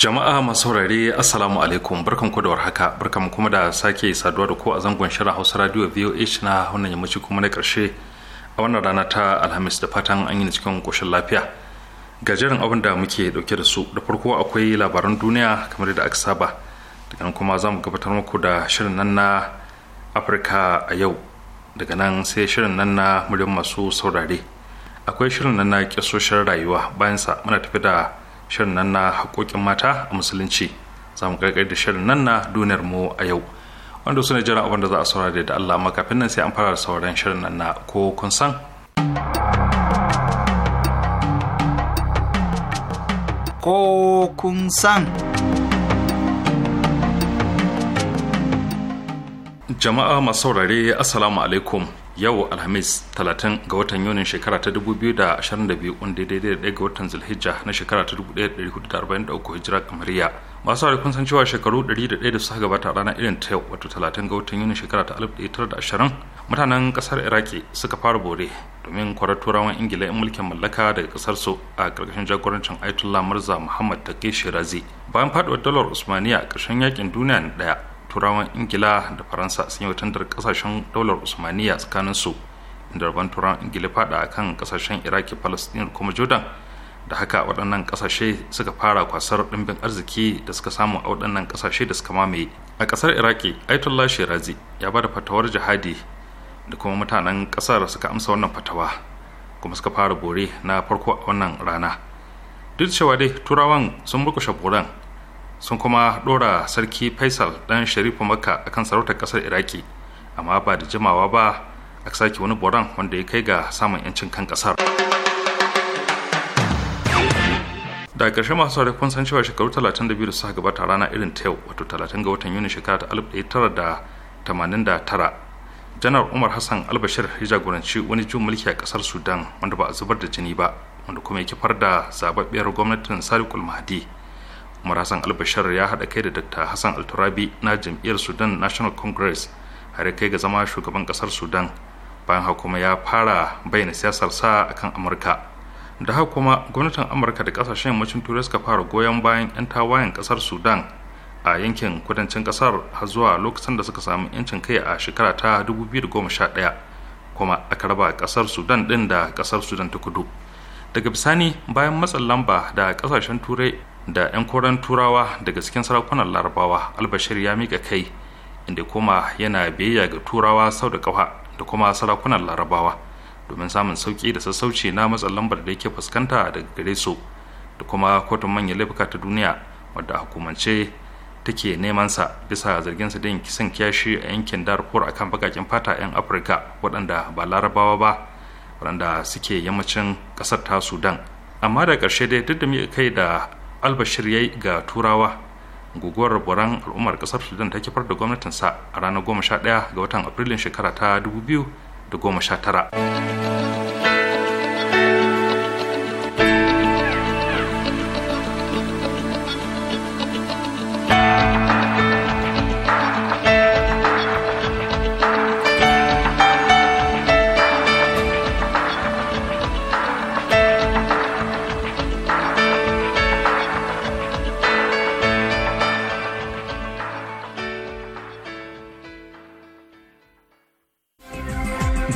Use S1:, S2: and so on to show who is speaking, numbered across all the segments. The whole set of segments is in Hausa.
S1: Jama'a masu saurare Assalamu alaikum barkan ku da warhaka barkan kuma da sake saduwa da ku a zangon shirin Hausa Radio VOH na wannan yammaci kuma na karshe a wannan rana ta Alhamis da fatan an yi cikin koshin lafiya. Gajeren abin da muke dauke da su da farko akwai labaran duniya kamar da aka saba daga nan kuma za mu gabatar muku da shirin nan na Afirka a yau daga nan sai shirin nan na muryar masu saurare akwai shirin nan na kyasoshin rayuwa bayan sa muna tafi da shirin nan na haƙoƙin mata a musulunci za mu ƙarƙar da shirin nan na duniyar mu a yau wanda su ne jiran abin da za a saurare da Allah kafin nan sai an fara sauran shirin nan na ko kun san.
S2: Ko kun san.
S1: Jama'a masu saurare Assalamu alaikum. yau alhamis 30 ga watan yunin shekara ta 2022 wanda daidai da ga watan zulhijja na shekara ta 1443 hijira kamariya masu hari kun san cewa shekaru 100 da suka gabata a ranar irin ta yau wato 30 ga watan yunin shekara ta 1920 mutanen kasar iraki suka fara bore domin kwarar turawan ingila yan mulkin mallaka daga kasar su a karkashin jagorancin ayatollah murza muhammad taqi shirazi bayan faduwar dalar usmaniya karshen ƙarshen yakin duniya na daya turawan ingila da faransa sun yi wutantar kasashen daular usmaniya tsakanin su inda rabon turawan ingila fada a kan kasashen iraki palestine kuma jordan da haka waɗannan kasashe suka fara kwasar ɗimbin arziki da suka samu a waɗannan kasashe da suka mamaye a ƙasar iraki aitullah shirazi ya ba da fatawar jihadi da kuma mutanen ƙasar suka amsa wannan fatawa kuma suka fara bore na farko a wannan rana duk cewa dai turawan sun murkushe boran sun kuma ɗora sarki faisal ɗan sharifu makka kan sarautar ƙasar iraki amma ba da jimawa ba a sake wani boran wanda ya kai ga samun 'yancin kan ƙasar da ƙarshe masu saurari kun san cewa shekaru 32 da suka gabata rana irin ta yau wato 30 ga watan yuni shekara 1989 janar umar hassan albashir ya jagoranci wani jin mulki a ƙasar sudan wanda ba a zubar da jini ba wanda kuma ya kifar da zababbiyar gwamnatin sadiq mahdi marasan albashar ya haɗa kai da dr hassan alturabi na jam'iyyar sudan national congress har kai ga zama shugaban ƙasar sudan bayan hakuma ya fara bayyana siyasar sa akan amurka da haka kuma gwamnatin amurka da ƙasashen yammacin turai suka fara goyon bayan 'yan tawayen ƙasar sudan a yankin kudancin ƙasar har zuwa lokacin da suka samu 'yancin kai a shekara ta 2011 kuma aka raba ƙasar sudan ɗin da ƙasar sudan ta kudu daga bisani bayan matsin lamba da kasashen turai da 'yan koren turawa daga cikin sarakunan larabawa albashir ya mika kai inda kuma yana biyayya ga turawa sau da ƙafa da kuma sarakunan larabawa domin samun sauƙi da sassauci na matsin lambar da yake fuskanta daga gare su da kuma kotun manyan laifuka ta duniya wadda hukumance take neman sa bisa zarginsa da yin kisan kiyashi a yankin darfur akan bakakin fata 'yan afirka waɗanda ba larabawa ba waɗanda suke yammacin ƙasar ta sudan amma da ƙarshe dai duk da kai da albashir ya yi ga turawa guguwar buran al'ummar kasar sudan ta kifar da gwamnatinsa a ranar 11 ga watan afrilun shekara ta 2019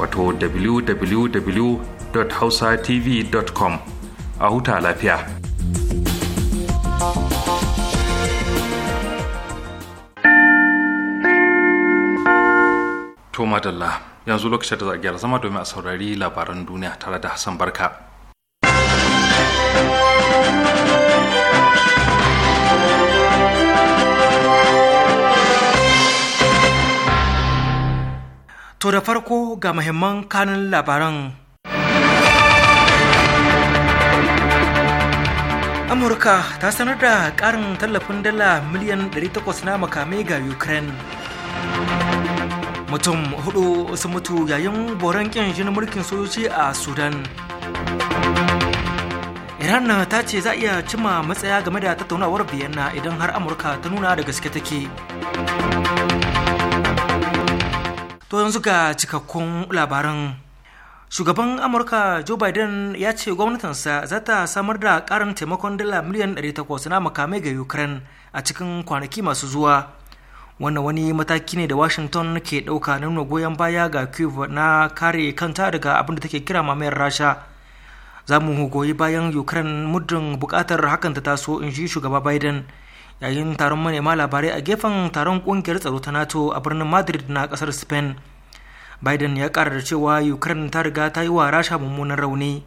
S1: wato www.hausatv.com a huta lafiya. To madalla yanzu lokacin da za a zama domin a saurari labaran duniya tare da Hassan Barka.
S2: To da farko ga muhimman kanin labaran. Amurka ta sanar da ƙarin tallafin dala miliyan 800 na makamai ga Ukraine. Mutum hudu sun mutu yayin boron ƙin jinin mulkin sojoji a Sudan. Iran ta ce za iya cima matsaya game da tattaunawar Vienna idan har Amurka ta nuna da gaske take. to yanzu ga cikakkun labaran shugaban amurka joe biden ya ce gwamnatinsa za ta samar da karin taimakon dala miliyan 800 na makamai ga ukraine a cikin kwanaki masu zuwa wannan wani mataki ne da washington ke ɗauka na nuna goyon baya ga kyiv na kare kanta daga abin da take kira mamayar rasha za mu goyi bayan ukraine muddin bukatar hakan ta taso in shi shugaba biden yayin taron manema labarai a gefen taron kungiyar tsaro ta nato a birnin madrid na kasar spain biden ya kara da cewa ukraine ta riga ta yi wa rasha mummunan rauni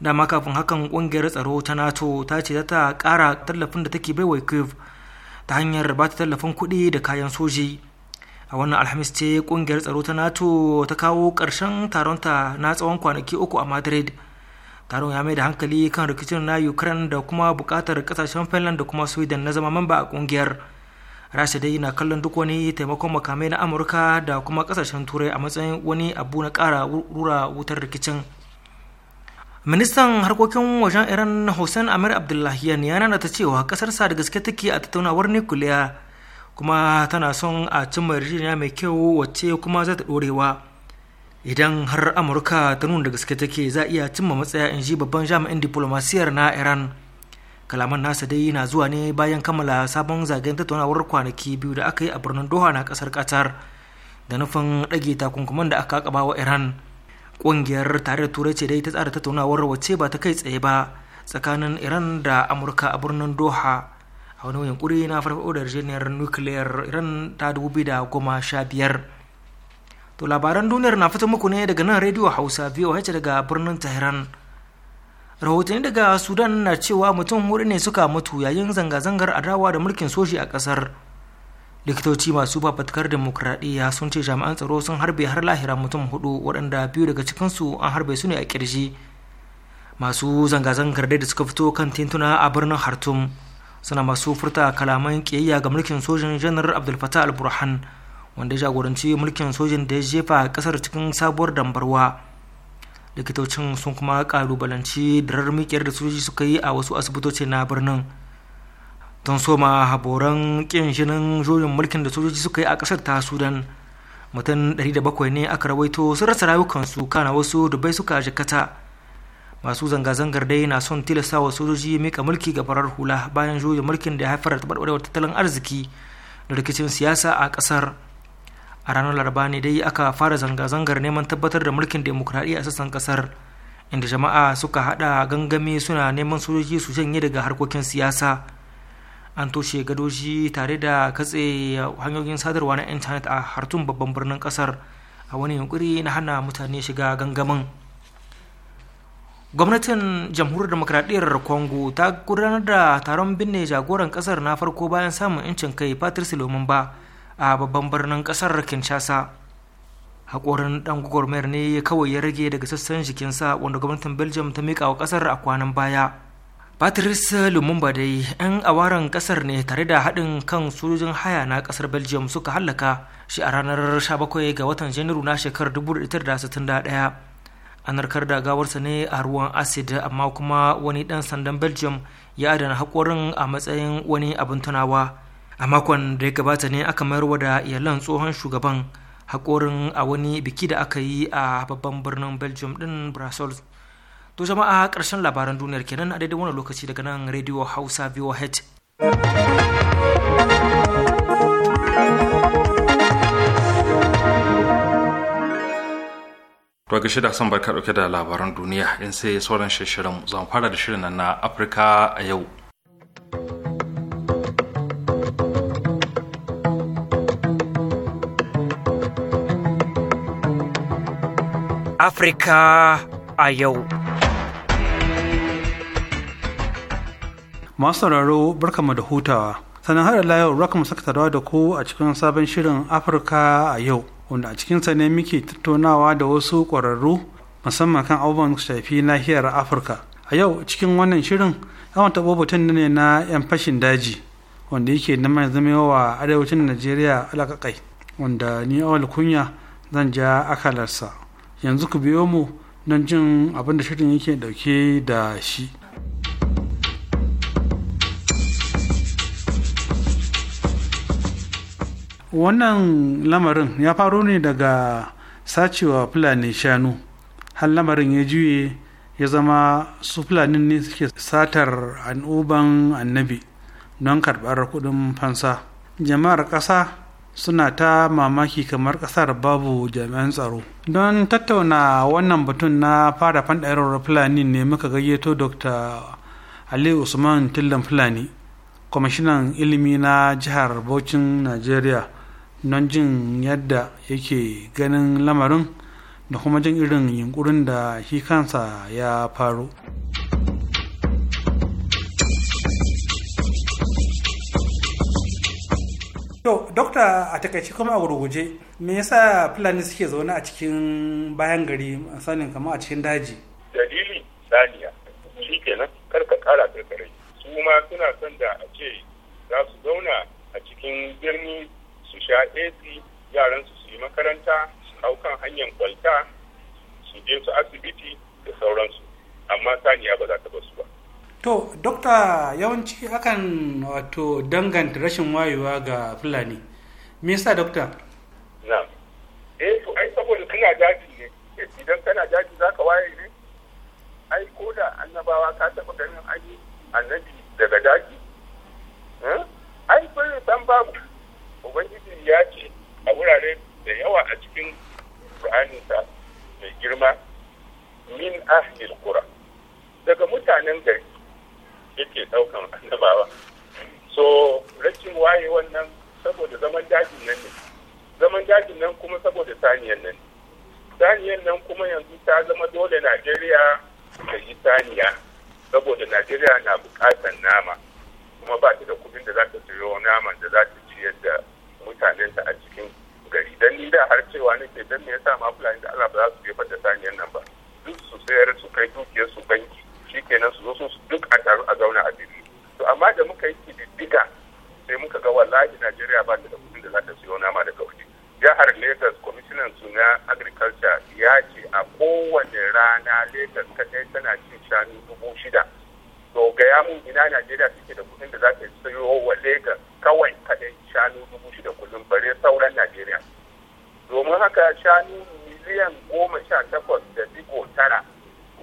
S2: dama kafin hakan kungiyar tsaro ta nato ta ce ta kara tallafin da take baiwa kiev ta hanyar ba ta tallafin kuɗi da kayan soji a wannan alhamis ce kungiyar tsaro ta nato ta kawo ƙarshen taronta na tsawon kwanaki uku a madrid taron ya mai da hankali kan rikicin na ukraine da kuma bukatar kasashen finland da kuma sweden na zama mamba a kungiyar rasha dai na kallon duk wani taimakon makamai na amurka da kuma kasashen turai a matsayin wani abu na kara rura wutar rikicin ministan harkokin wajen iran hussein amir abdullahian ya nanata cewa kasarsa da gaske take a tattaunawar nukiliya kuma tana son a cimma yarjejeniya mai kyau wacce kuma za ta dorewa idan har amurka ta nuna da gaske take za iya cimma matsaya in ji babban jami'in diplomasiyar na iran kalaman nasa dai na zuwa ne bayan kammala sabon zagayen tattaunawar kwanaki biyu da aka yi a birnin doha na kasar qatar da nufin dage takunkuman da aka kaba wa iran ƙungiyar tarayyar turai ce dai ta tsara tattaunawar wacce ba ta kai tsaye ba tsakanin iran da amurka a birnin doha a wani yankuri na farfaɗo da yarjejeniyar nukiliyar iran ta dubu da goma sha biyar To labaran duniyar na fito muku ne daga nan rediyo Hausa VOH daga birnin Tehran. Rahotanni daga Sudan na cewa mutum hudu ne suka mutu yayin zanga-zangar adawa da mulkin soji a ƙasar. Likitoci masu fafatkar demokuraɗiyya sun ce jami'an tsaro sun harbe har lahira mutum hudu waɗanda biyu daga cikinsu an harbe su ne a kirji Masu zanga-zangar dai da suka fito kan tintuna a birnin Hartum suna masu furta kalaman ƙiyayya ga mulkin sojin janar Abdul Fattah al-Burhan. wanda ya jagoranci mulkin sojin da ya jefa kasar cikin sabuwar dambarwa likitocin sun kuma kalubalanci darar mikiyar da soji suka yi a wasu asibitoci na birnin don soma haboran kin shinin juyin mulkin da sojoji suka yi a kasar ta sudan mutum 700 ne aka rawaito sun rasa rayukansu kana wasu dubai suka jikata masu zanga-zangar dai na son tilasta wa sojoji mika mulki ga farar hula bayan juyin mulkin da ya haifar da taɓarɓarewar tattalin arziki da rikicin siyasa a kasar. a ranar laraba ne dai aka fara zanga-zangar neman tabbatar da mulkin demokuraɗiyya a sassan kasar inda jama'a suka haɗa gangami suna neman sojoji su janye daga harkokin siyasa an toshe gadoji tare da katse hanyoyin sadarwa na intanet a hartun babban birnin kasar a wani yunkuri na hana mutane shiga gangamin gwamnatin jamhuriyar demokradiyyar congo ta gudanar da taron binne jagoran kasar na farko bayan samun 'incin kai patrice lumumba a babban birnin kasar kinshasa haƙorin ɗan gwagwarmayar ne kawai ya rage daga sassan jikinsa wanda gwamnatin belgium ta miƙa wa ƙasar a kwanan baya patrice lumumba dai 'yan awaran ƙasar ne tare da haɗin kan sojojin haya na ƙasar belgium suka hallaka shi a ranar 17 ga watan janairu na shekarar 1961 an narkar da gawarsa ne a ruwan acid amma kuma wani ɗan sandan belgium ya adana haƙorin a matsayin wani abin tunawa a makon da ya gabata ne aka mayar da iyalan tsohon shugaban haƙorin a wani biki da aka yi a babban birnin belgium din brussels to jama'a ƙarshen labaran duniyar kenan a daidai wani lokaci daga nan radio hausa voh
S1: To ga shida son barka dauke da labaran duniya in sai sauran shirin mu fara da shirin nan na Afirka a yau.
S2: afrika
S3: a yau. Masu sauraro barkama da hutawa. Sannan har ila yau raka mu tarawa da ku a cikin sabon shirin Afirka a yau, wanda a cikinsa ne muke tattaunawa da wasu ƙwararru musamman kan abubuwan shafi nahiyar Afirka. A yau cikin wannan shirin yawan taɓo batun ne na 'yan fashin daji wanda yake na mai zama wa arewacin Najeriya alaƙaƙai wanda ni awal kunya zan ja akalarsa. yanzu ku biyo mu don jin abin da shirin yake dauke da shi wannan lamarin ya faro ne daga sacewa fulani shanu har lamarin ya juye ya zama su fulanin ne suke satar an'uban annabi don karɓar kudin fansa jama'ar ƙasa suna ta mamaki kamar kasar babu jami'an tsaro don tattauna wannan batun na fara fandarar fulani ne muka gayyato dr ali usman tillan fulani kwamishinan ilimi na jihar Bauchin nigeria don jin yadda yake ganin lamarin da kuma jin irin yunkurin da shi kansa ya faru. dokta a takaice kuma a gurguje me yasa fulani suke zaune a cikin bayan gari sanin kamar a cikin daji
S4: dalili saniya shi kenan karka kara karkare su ma suna son da a ce za su zauna a cikin birni su sha ac yaran su su yi makaranta su hau kan hanyar kwalta su je su asibiti da sauransu amma saniya ba za ta basu
S3: to dokta yawanci akan wato danganta rashin wayewa ga fulani me yasa dokta
S4: na eh to ai saboda kana daji ne idan kana daji zaka waye ne ai ko da annabawa ka taba ganin an annabi daga daji hmm? ai ko san babu ubangiji ya ce a wurare da yawa a cikin ta mai girma min ahlil qura daga mutanen gari yake saukan annabawa so rashin waye wannan saboda zaman dajin nan ne zaman dajin nan kuma saboda saniyan nan saniyan nan kuma yanzu ta zama dole najeriya ta yi saniya saboda najeriya na bukatar nama kuma ba ta da kuɗin da za ta siyo naman da za ta ci ciyar da ta a cikin gari dan ni da har cewa nake dan me yasa ma fulani da Allah ba za su jefa da saniyan nan ba duk su sayar su kai dukiyar su banki shikenan su zo su duk a taru a zauna a birni to amma da muka yi kididdiga sai muka ga wallahi Najeriya ba ta da kudin da za ta siyo nama daga waje jihar Lagos kwamishinan su na agriculture ya ce a kowane rana Lagos kadai tana cin shanu dubu shida to gaya mun ina Najeriya suke da kudin da za ta sayo wa Lagos kawai kadai shanu dubu shida kullum bare sauran Najeriya. Domin haka shanu miliyan goma sha takwas da digo tara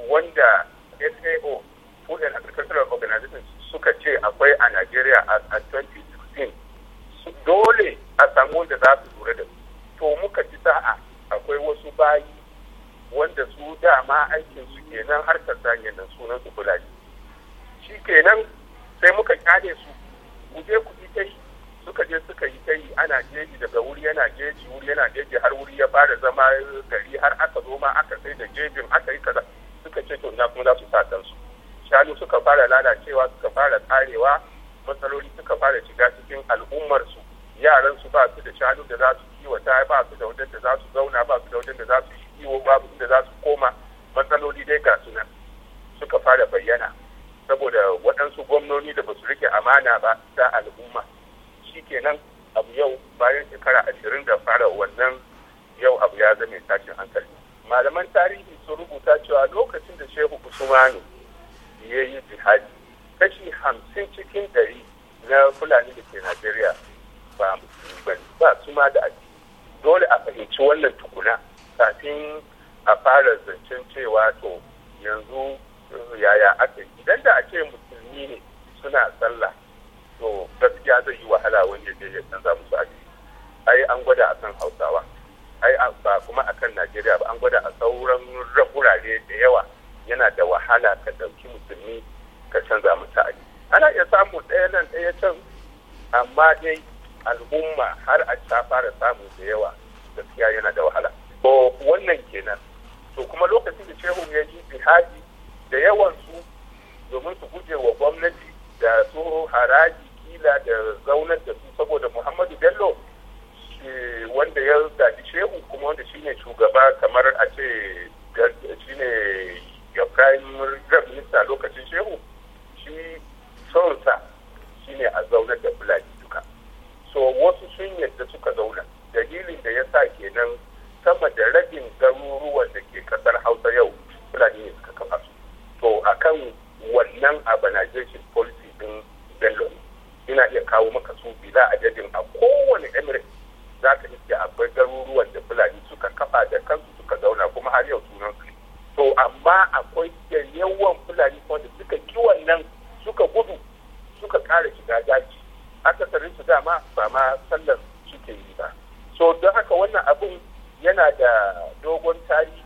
S4: wanda SAO Food and Agricultural Organization suka ce akwai a nigeria a 2016 dole a samu wanda za su lura da su to muka ci sa'a akwai wasu bayi wanda su dama aikin su kenan har sanya da sunan su kula shi kenan sai muka kyale su ku je ku yi ta yi suka je suka yi ta yi ana jeji daga wuri yana jeji wuri yana jeji har wuri ya fara zama gari har aka zo ma aka sai da jejin aka yi kaza suka ce to ina kuma za su sa su shanu suka fara lalacewa suka fara karewa matsaloli suka fara shiga cikin al'ummar su yaran su ba su da shanu da za su kiwata ba su da wajen da za su zauna ba su da wajen da za su yi kiwo ba su da za su koma matsaloli dai ga sunan suka fara bayyana saboda waɗansu gwamnoni da ba su rike amana ba ta al'umma Shi kenan abu yau bayan shekara ashirin da fara wannan yau abu ya zame tashin hankali malaman tarihi sun rubuta cewa lokacin da shehu usmanu ya yi jihadi kashi hamsin cikin ɗari na fulani da ke najeriya ba musulmi ba su ma da addini dole a fahimci wannan tukuna kafin a fara zancen cewa to yanzu yaya aka yi. idan da a ce musulmi ne suna sallah to gaskiya zai yi wahala wanda ya canza musu addini ai an gwada a kan hausawa ai ba kuma a kan najeriya ba an gwada a sauran wurare da yawa yana da wahala ka ɗauki musulmi ka canza musu ali ana iya samu ɗaya nan ɗaya can amma dai al'umma har a ta fara samu da yawa gaskiya yana da wahala to wannan kenan to kuma lokacin da shehu ya ji bihaji da yawan su domin su guje wa gwamnati da su haraji kila da zaunar da su saboda muhammadu bello Eh, wanda ya zaɓi shehu kuma wanda shi ne shugaba kamar a ce shi ne ya prime lokacin shehu shi sonsa ne a zaunar da fulani duka so wasu sun yadda suka zauna dalilin da ya sa kenan sama da rabin garuruwan da ke kasar hausa yau fulani ne suka kafa su to akan wannan urbanization policy din bello ina iya kawo maka su bila a adadin a kowane emirate Zaka ka akwai garuruwan da fulani suka kafa da kansu suka zauna kuma har yau sunan su to amma akwai da yawan fulani wanda suka kiwon nan suka gudu suka ƙara shiga daji akasarin su dama ba ma sallar suke yi ba so don haka wannan abun yana da dogon tarihi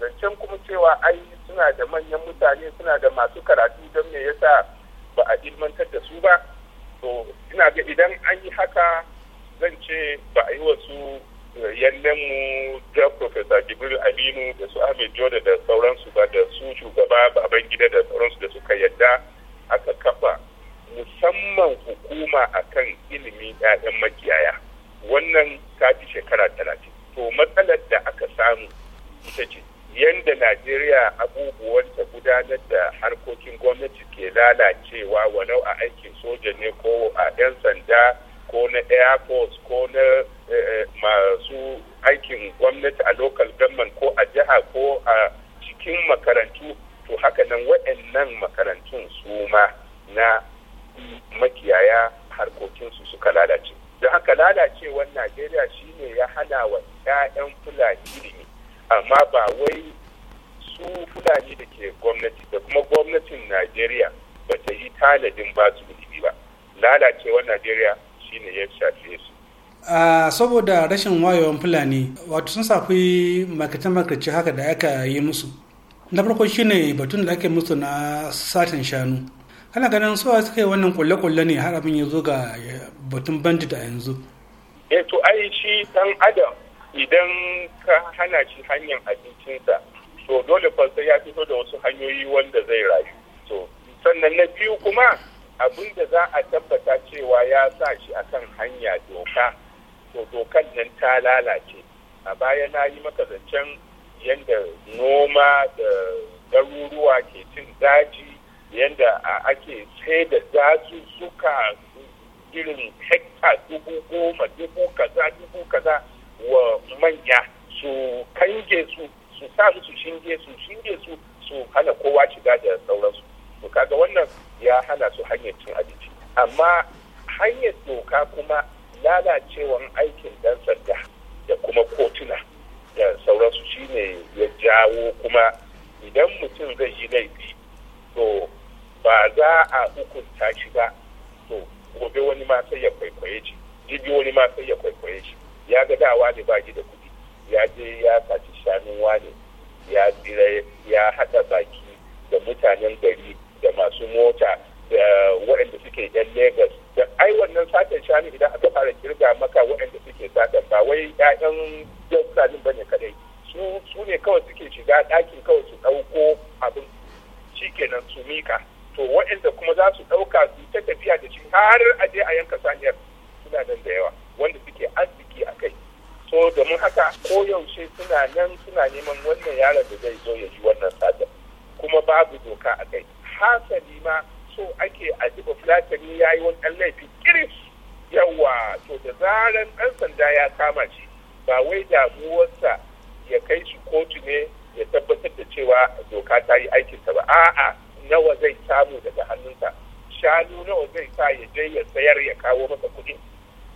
S4: zancen kuma cewa ai suna da manyan mutane suna da masu karatu don me yasa ba a ilmantar da su ba to ina ga idan an yi haka zan ce ba a yi wasu eh, mu da Profesa Jibril Aminu da su Ahmed da sauransu ba da su shugaba baban gida da sauransu da suka yadda aka kafa musamman hukuma akan ilimi ɗayan makiyaya wannan ta fi shekara talatin to matsalar da aka samu ita ce yadda najeriya abubuwan ta gudanar da harkokin gwamnati ke lalacewa walau a aikin soja ne ko a 'yan sanda ko na air force ko na eh, eh, masu aikin gwamnati a local government ko a jiha ko a cikin makarantu to haka nan waɗannan makarantun su ma na makiyaya harkokinsu suka lalace don haka lalacewar najeriya shine ya hana wa 'ya'yan fulani ilimi amma ba wai su fulani da ke gwamnati da kuma gwamnatin najeriya ba ta yi taladin ba su ilimi ba lalacewar najeriya ya shafe su
S3: a saboda rashin wayewan fulani wato sun safi makarce makaci haka da aka yi musu na farko shine batun da ake musu na satin shanu ana ganin suwa suka yi wannan kulle-kulle ne har abin ya zo ga batun bandit a yanzu
S4: e to ai shi dan adam idan ka hana shi hanyar abincinsa to dole fa ya fito da wasu hanyoyi wanda zai rayu to sannan na biyu kuma abin da za a tabbata cewa ya sa shi a kan hanya doka to dokan nan ta lalace a baya na yi maka zancen yadda noma da garuruwa ke cin daji yadda ake sai da su suka irin hekta dubu goma dubu kaza dubu kaza wa manya su kange su su sa su shinge su shinge su su hana kowa shiga da sauransu to kaga wannan ya hana su hanyar cin abinci amma hanyar doka kuma lalacewan aikin dan sanda da kuma kotuna da sauransu shine ya jawo kuma idan mutum zai yi laifi to ba za a hukunta shi ba to gobe wani ma sai ya kwaikwaye shi jibi wani ma sai ya kwaikwaye shi ya ga dawa ne ba da kuɗi ya je ya saci shanun wane ya tsira ya haɗa baki da mutanen gari da masu mota da waɗanda suke yan Legas da ai wannan satan shanu idan aka fara kirga maka waɗanda suke satan ba wai 'ya'yan yau ba ne kadai su ne kawai suke shiga ɗakin kawai su ɗauko abin shi kenan su mika to waɗanda kuma za su ɗauka su ta tafiya da shi har a je a yanka saniyar suna nan da yawa wanda suke arziki a kai so domin haka koyaushe suna nan suna neman wannan yaron da zai zo ya ji wannan satar kuma babu doka a kai hasali ma so ake ajiba fulatani ya yi wani ɗan laifi kiris yawa to da zaran ɗan sanda ya kama shi ba wai damuwarsa ya kai su kotu ne ya tabbatar da cewa doka ta yi aikinta ba a'a nawa zai samu daga hannunsa shanu nawa zai sa ya je ya sayar ya kawo masa kuɗi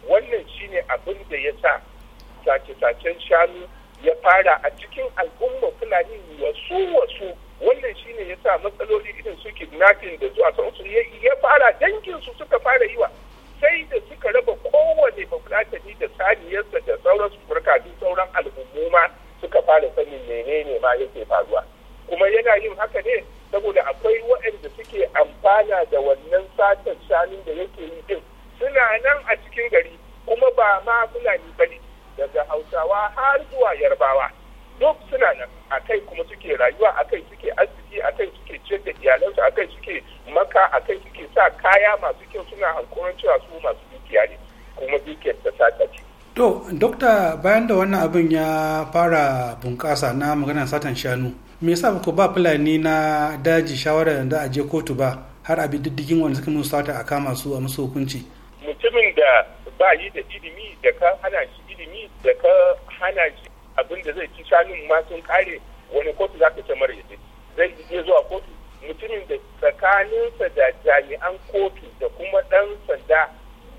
S4: wannan shine abin da ya sa sace-sacen shanu ya fara a cikin al'ummar fulani wasu wasu wannan shine ya sa matsaloli irin su kidnapping da zuwa san su ya fara dangin su suka fara yi wa sai da suka raba kowane bafulatani da saniyarsa da sauran su duk sauran al'ummu suka fara sanin menene ma yake faruwa kuma yana yin haka ne saboda akwai waɗanda suke amfana da wannan satar shanun da yake yi din suna nan a cikin gari kuma ba ma fulani bane daga hausawa har zuwa yarbawa duk suna nan a kai kuma suke rayuwa a kai suke arziki a kai suke ciyar da iyalansu a kai suke maka a kai suke sa kaya masu kyau suna hankoron cewa su masu dukiya ne kuma dukiyar ta sata ce.
S3: to dokta bayan da wannan abin ya fara bunƙasa na maganar satan shanu me yasa ba ku ba fulani na daji shawara da a je kotu ba har a bi diddigin wanda suka musu sata a kama su a musu hukunci.
S4: mutumin da ba yi da ilimi da ka hana shi ilimi da ka hana shi abin da zai ci shanun ma sun kare wani kotu za ka ce mara yaje zai iya zuwa kotu mutumin da tsakaninsa da jami'an kotu da kuma ɗan sanda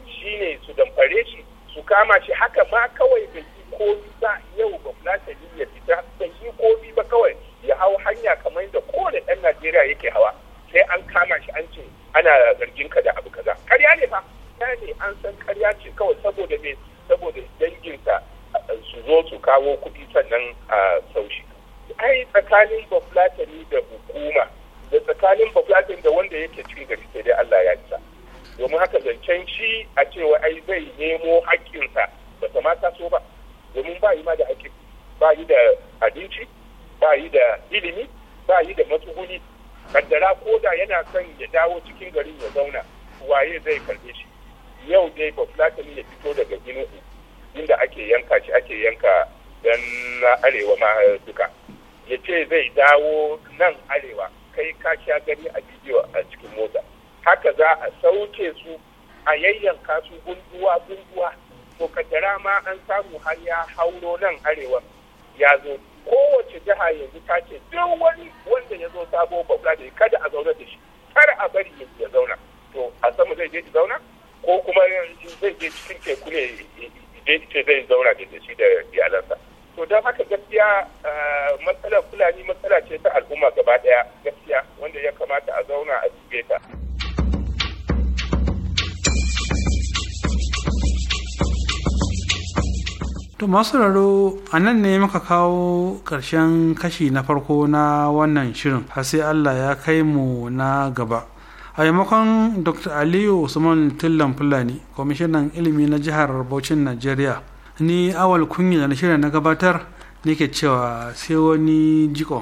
S4: shi ne su damfare shi su kama shi haka ma kawai da yi kofi ba yau ba fulatani ya fita da yi komi ba kawai ya hau hanya kamar da kowane ɗan najeriya yake hawa sai an kama shi an ce ana zargin ka da abu kaza karya ne fa ne an san karya ce kawai saboda me saboda danginsa su zo su kawo kuɗi sannan a saushi ai tsakanin bafulatani da hukuma da tsakanin bafulatani da wanda yake cikin gari sai dai Allah ya isa domin haka zancen shi a cewa ai zai nemo haƙƙinsa ba ta mata so ba domin ba yi ma da haƙƙin, ba yi da abinci ba yi da ilimi ba yi da matsuguni kaddara ko da yana son ya dawo cikin garin ya zauna waye zai karbe shi yau dai bafulatani ya fito daga ginin inda ake yanka shi ake yanka dan arewa ma duka ya ce zai dawo nan arewa kai ka sha gani a bidiyo a cikin mota haka za a sauke su a yayyanka su gunduwa gunduwa to kaddara ma an samu har ya hauro nan arewa ya zo kowace jiha yanzu ta ce duk wani wanda ya zo sabo babla da kada a zauna da shi kar a bari ya zauna to a sama zai je zauna ko kuma zai je cikin teku ne ce zai zauna da shi da iyalansa to don haka gaskiya matsalar fulani matsala ce ta al'umma gaba daya gaskiya wanda ya kamata a zauna a cike ta
S3: To masu raro a nan ne muka kawo ƙarshen kashi na farko na wannan shirin, har sai Allah ya kai mu na gaba. a maimakon dr aliyu usman tillan fulani kwamishinan ilimi na jihar bauchin Nigeria ni awal kunya na shirya na gabatar ne ke cewa sai wani jikon.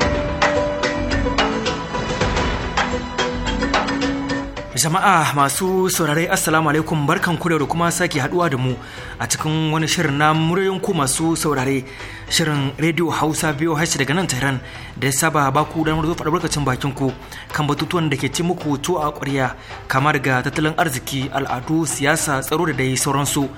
S2: Jama'a masu saurare Assalamu alaikum barkan kure da kuma sake haduwa da mu a cikin wani shirin na muryoyin ku masu saurare shirin Radio Hausa biyu hashi daga nan Tehran da ya saba baku don damar zo faɗa barkacin bakin ku kan batutuwan da ke ci muku to a ƙwarya kamar ga tattalin arziki al'adu siyasa tsaro da dai sauransu.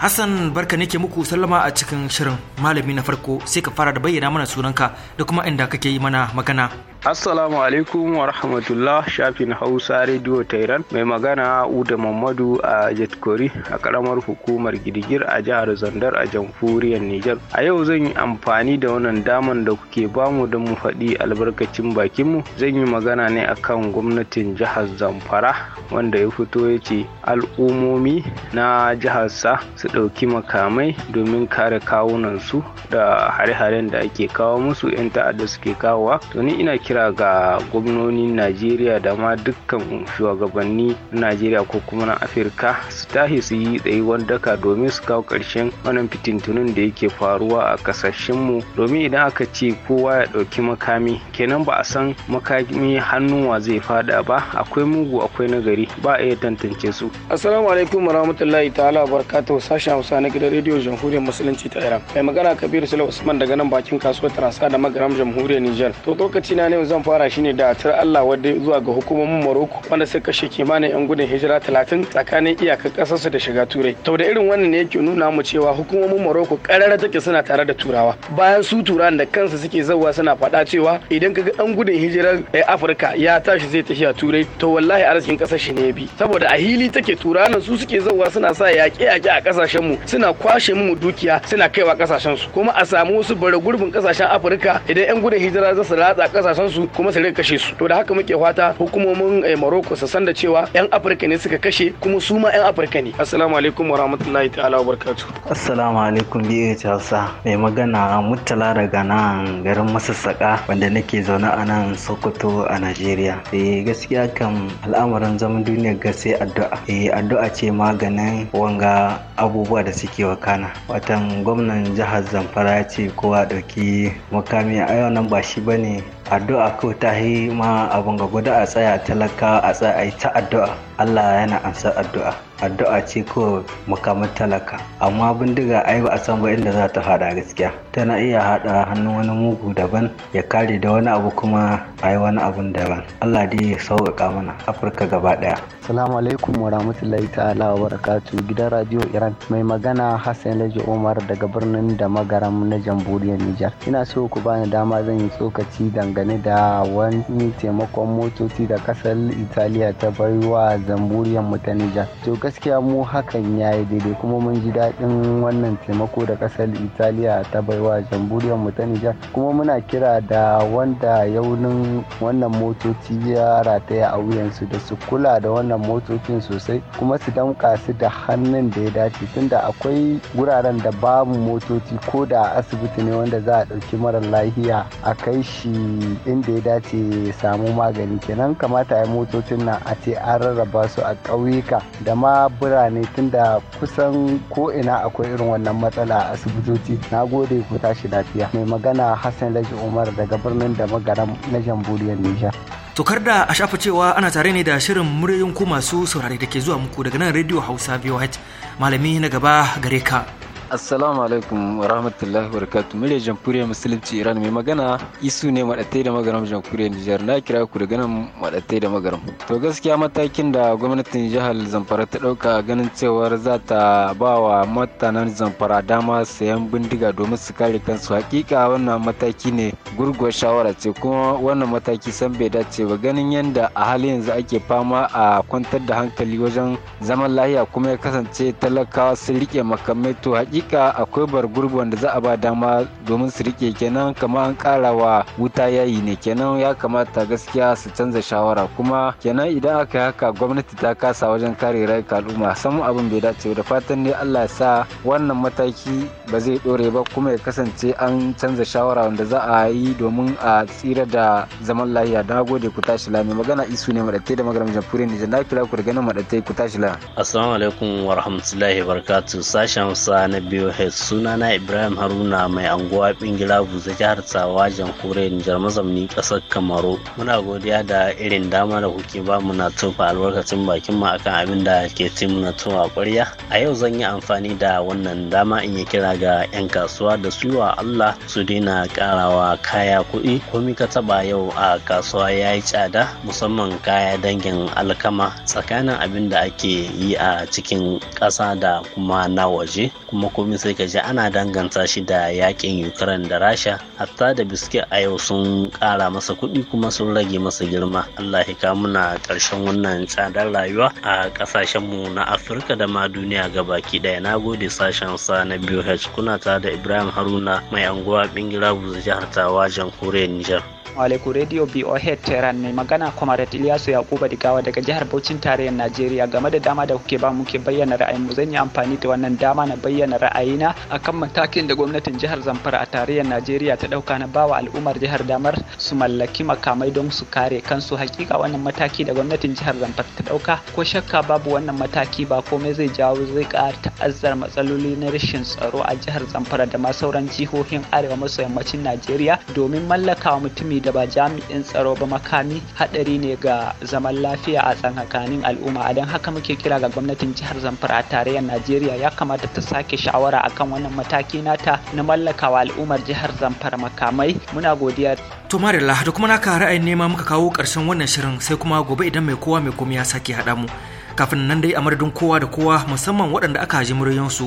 S2: Hassan barka nake muku sallama a cikin shirin malami na farko sai ka fara da bayyana mana sunanka da kuma inda kake yi mana magana.
S5: Assalamu alaikum wa rahmatullah shafin Hausa Radio Tehran mai magana Uda Mamadu a Jetkori a karamar hukumar Gidigir a jihar Zandar a jamhuriyar Nijar. A yau zan yi amfani da wannan daman da kuke bamu don mu faɗi albarkacin bakinmu. Zan yi magana ne akan gwamnatin jihar Zamfara wanda ya fito ya ce al'umomi na jihar sa su ɗauki makamai domin kare kawunansu da hare-haren da ake kawo musu 'yan ta'adda suke kawowa. ina kira ga gwamnonin najeriya da ma dukkan shugabanni na najeriya ko kuma na afirka su tahi su yi tsayuwar daka domin su kawo ƙarshen wannan fitintunin da yake faruwa a mu domin idan aka ce kowa ya ɗauki makami kenan ba a san makami hannuwa zai fada ba akwai mugu akwai nagari ba a iya tantance su assalamu alaikum warahmatullahi ta'ala barkatu sashen hausa na gidan rediyo jamhuriyar musulunci ta iran mai magana kabiru sulaiman usman daga nan bakin kasuwar tarasa da magaram jamhuriyar niger to lokaci na ne yau zan fara shi ne da tar Allah wadda zuwa ga hukumomin Morocco wanda sai kashe kimanin 'yan gudun hijira 30 tsakanin iyakar kasarsu da shiga Turai. To da irin wannan ne yake nuna mu cewa hukumomin Morocco karara take suna tare da Turawa. Bayan su Turan da kansu suke zauwa suna faɗa cewa idan kaga yan gudun hijirar eh, Afirka ya tashi zai tafi a Turai to wallahi arzikin kasar shi ne bi. Saboda a hili take Turanan su suke zauwa suna sa yaƙe-yaƙe a kasashen mu suna kwashe mu dukiya suna kaiwa kasashen su kuma a samu wasu bara gurbin ƙasashen Afirka idan 'yan gudun hijira za su ratsa kasashen su kuma su kashe su to da haka muke fata hukumomin eh, Morocco su san da cewa yan Afirka ne suka kashe kuma su ma yan Afirka ne assalamu alaikum wa rahmatullahi ta'ala wa
S2: barakatuh assalamu alaikum bi Hausa mai magana Murtala daga nan garin Masassaka wanda nake zaune a nan Sokoto a Najeriya eh gaskiya kan al'amuran zaman ga sai addu'a eh addu'a ce maganin wanga abubuwa da suke wakana watan gwamnan jihar Zamfara ya ce kowa dauki makami a yau nan ba shi bane addu'a ko ta yi ma abin gaba da a tsaya talaka a tsaya ta addu'a Allah yana ansa addu'a addu'a ce ko makamin talaka amma bindiga ai ba a san ba inda za ta fada gaskiya tana iya hada hannun wani mugu daban ya kare da wani abu kuma ai wani abun daban Allah dai ya sauƙaƙa mana Afirka gaba daya
S5: Assalamu alaikum wa rahmatullahi ta'ala wa barakatu gidan radio Iran mai magana Hassan Laji Umar daga birnin da magaram na jamhuriyar Nijar ina so ku bani dama zan yi tsokaci dangane da wani taimakon motoci da kasar Italiya ta baiwa jamhuriyar mu ta Nijar to gaskiya mu hakan ya yi daidai kuma mun ji daɗin wannan taimako da ƙasar italiya ta baiwa jamburiyar mu ta nijar kuma muna kira da wanda yaunin wannan motoci ya rataya a wuyansu da su kula da wannan motocin sosai kuma su damƙa su da hannun da ya dace tunda akwai wuraren da babu motoci ko da asibiti ne wanda za a ɗauki mara lahiya a kai shi inda ya dace samu magani kenan kamata ya motocin nan a ce an rarraba su a ƙauyuka da ma na birane tunda kusan ko ina akwai irin wannan matsala a asibitoci na gode ku tashi lafiya mai magana hassan laji umar daga birnin da magaram na jamhuriyar nijar
S2: tokar da a shafa cewa ana tare ne da shirin muryoyin ku masu saurare da ke zuwa muku daga nan rediyo hausa voh malami na gaba gare ka
S6: assalamu alaikum wa rahmatullahi wa barakatu mure jamhuriyar musulunci iran mai magana isu ne madatai da magaram jamhuriyar nijar na kira ku da nan madatai da magaram to gaskiya matakin da gwamnatin jihar zamfara ta dauka ganin cewar za ta ba wa mutanen zamfara dama sayan bindiga domin su kare kansu hakika wannan mataki ne gurgwa shawara ce kuma wannan mataki san bai dace ba ganin yadda a halin yanzu ake fama a kwantar da hankali wajen zaman lahiya kuma ya kasance talakawa sun rike makamai to hakika hakika akwai bargurbi wanda za a ba dama domin su rike kenan kamar an kara wa wuta yayi ne kenan ya kamata gaskiya su canza shawara kuma kenan idan aka yi haka gwamnati ta kasa wajen kare rayuka al'umma samun abin bai dace da fatan ne Allah ya sa wannan mataki ba zai dore ba kuma ya kasance an canza shawara wanda za a yi domin a tsira da zaman lafiya da gode ku tashi lami magana isu ne madatte da magaram jamhuriyar ne na kira ku da ganin madatte ku tashi lami
S7: assalamu alaikum wa rahmatullahi barakatuh sashen sa na suna na Ibrahim Haruna mai anguwa Bingila Buza jihar Tsawa jamhuriyar Nijar mazamni kasar Kamaru. Muna godiya da irin dama da kuke ba mu na tofa albarkacin bakin ma akan abin da ke ci mu na tofa A yau zan yi amfani da wannan dama in yi kira ga 'yan kasuwa da su wa Allah su daina karawa kaya kuɗi. Komi ka taba yau a kasuwa ya yi tsada musamman kaya dangin alkama tsakanin abin da ake yi a cikin ƙasa da kuma na waje kuma komi sai ka ji ana danganta shi da yakin ukraine da rasha hatta da biskit a yau sun kara masa kuɗi kuma sun rage masa girma allah ya muna ƙarshen wannan tsadar rayuwa a ƙasashenmu na afirka da ma duniya gabaki ɗaya na gode sashen sa na biyu kuna ta da ibrahim haruna mai anguwa bingira buzu jihar tawa jamhuriyar nijar
S5: Waleku radio boh tehran mai magana comrade ilyasu yakuba digawa daga jihar bauchin tarayyar najeriya game da dama da kuke ba muke bayyana ra'ayin mu zan yi amfani da wannan dama na bayyana ra'ayina akan matakin da gwamnatin jihar zamfara a tarayyar najeriya ta dauka na bawa al'ummar jihar damar su mallaki makamai don su kare kansu hakika wannan mataki da gwamnatin jihar zamfara ta dauka ko shakka babu wannan mataki ba komai zai jawo zai kara ta'azzar matsaloli na rashin tsaro a jihar zamfara da ma sauran jihohin arewa maso yammacin najeriya domin mallakawa mutum jami'i da ba jami'in tsaro ba makami haɗari ne ga zaman lafiya a tsakanin al'umma a don haka muke kira ga gwamnatin jihar zamfara a tarayyar najeriya ya kamata ta sake shawara akan wannan mataki nata na mallakawa al'ummar jihar zamfara makamai muna
S2: godiya to marilla da kuma naka ra'ayin nema muka kawo karshen wannan shirin sai kuma gobe idan mai kowa mai komai ya sake haɗa mu kafin nan dai a madadin kowa da kowa musamman waɗanda aka ji muryoyinsu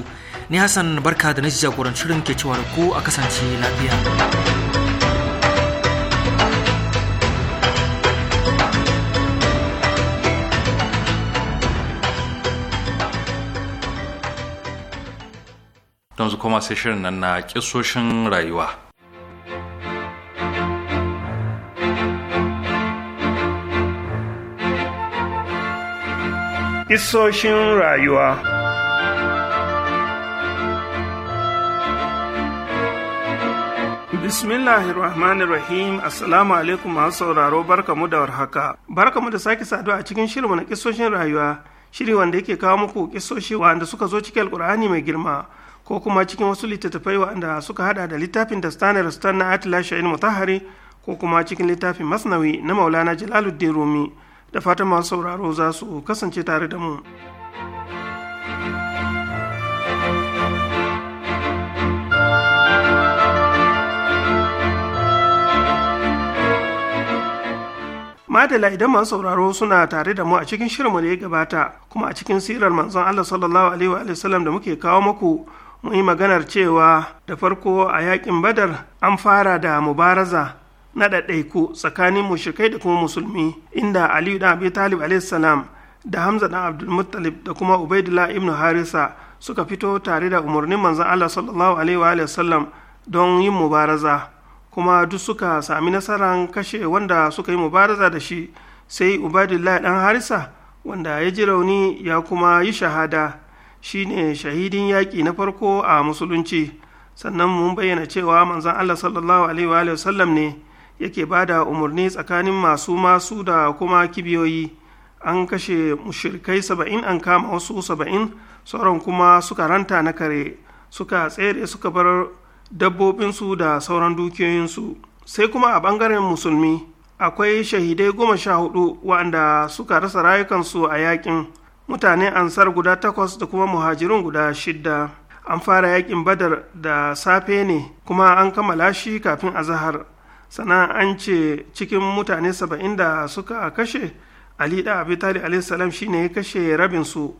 S2: ni hassan barka da na jagorancin shirin ke cewa da ku a kasance lafiya
S1: yanzu kuma sai shirin nan na kisoshin rayuwa
S8: Kisoshin rayuwa rahim, Assalamu alaikum masu sauraro barkamu da warhaka barkamu da sake saduwa a cikin shirinmu na kisoshin rayuwa shiri wanda yake kawo muku kisoshi wanda suka zo cikin alkur'ani mai girma ko kuma cikin wasu littattafai waɗanda suka hada da littafin da stanar rastan na atila sha'in mutahari ko kuma cikin littafin masnawi na maulana jalaluddin rumi da fatan masu sauraro za su kasance tare da mu. madala idan masu sauraro suna tare da mu a cikin shirinmu da ya gabata kuma a cikin sirar manzon Allah sallallahu alaihi wa sallam da muke kawo muku mun yi maganar cewa da farko a yakin badar an fara da mubaraza na ɗaiɗaiku tsakanin mushrikai da kuma musulmi inda aliyu da abi talib salam da hamza da abdulmuttalib da kuma ubaidullah ibn harisa suka fito tare da umarnin manzan allah sallallahu alaihi wa sallam don yin mubaraza kuma duk suka sami nasarar kashe wanda suka yi mubaraza da shi sai ubaidullah ɗan harisa wanda ya ji rauni ya kuma yi shahada Shi ne shahidin yaƙi na farko a musulunci sannan mun bayyana cewa manzan Allah sallallahu alaihi wa ne yake ba da umarni tsakanin masu masu da kuma kibiyoyi an kashe mushirkai saba'in an kama wasu saba'in sauran kuma suka ranta na kare suka tsere suka bar dabbobinsu da sauran dukiyoyinsu sai kuma a ɓangaren musulmi akwai shahidai goma sha hudu waɗanda suka rasa rayukansu a yaƙin. Mutane ansar guda takwas da kuma muhajirun guda shidda an fara yakin badar da safe ne kuma an kammala shi kafin azahar sannan an ce cikin mutane saba'in da suka kashe ali da abi talib salam shine ya kashe su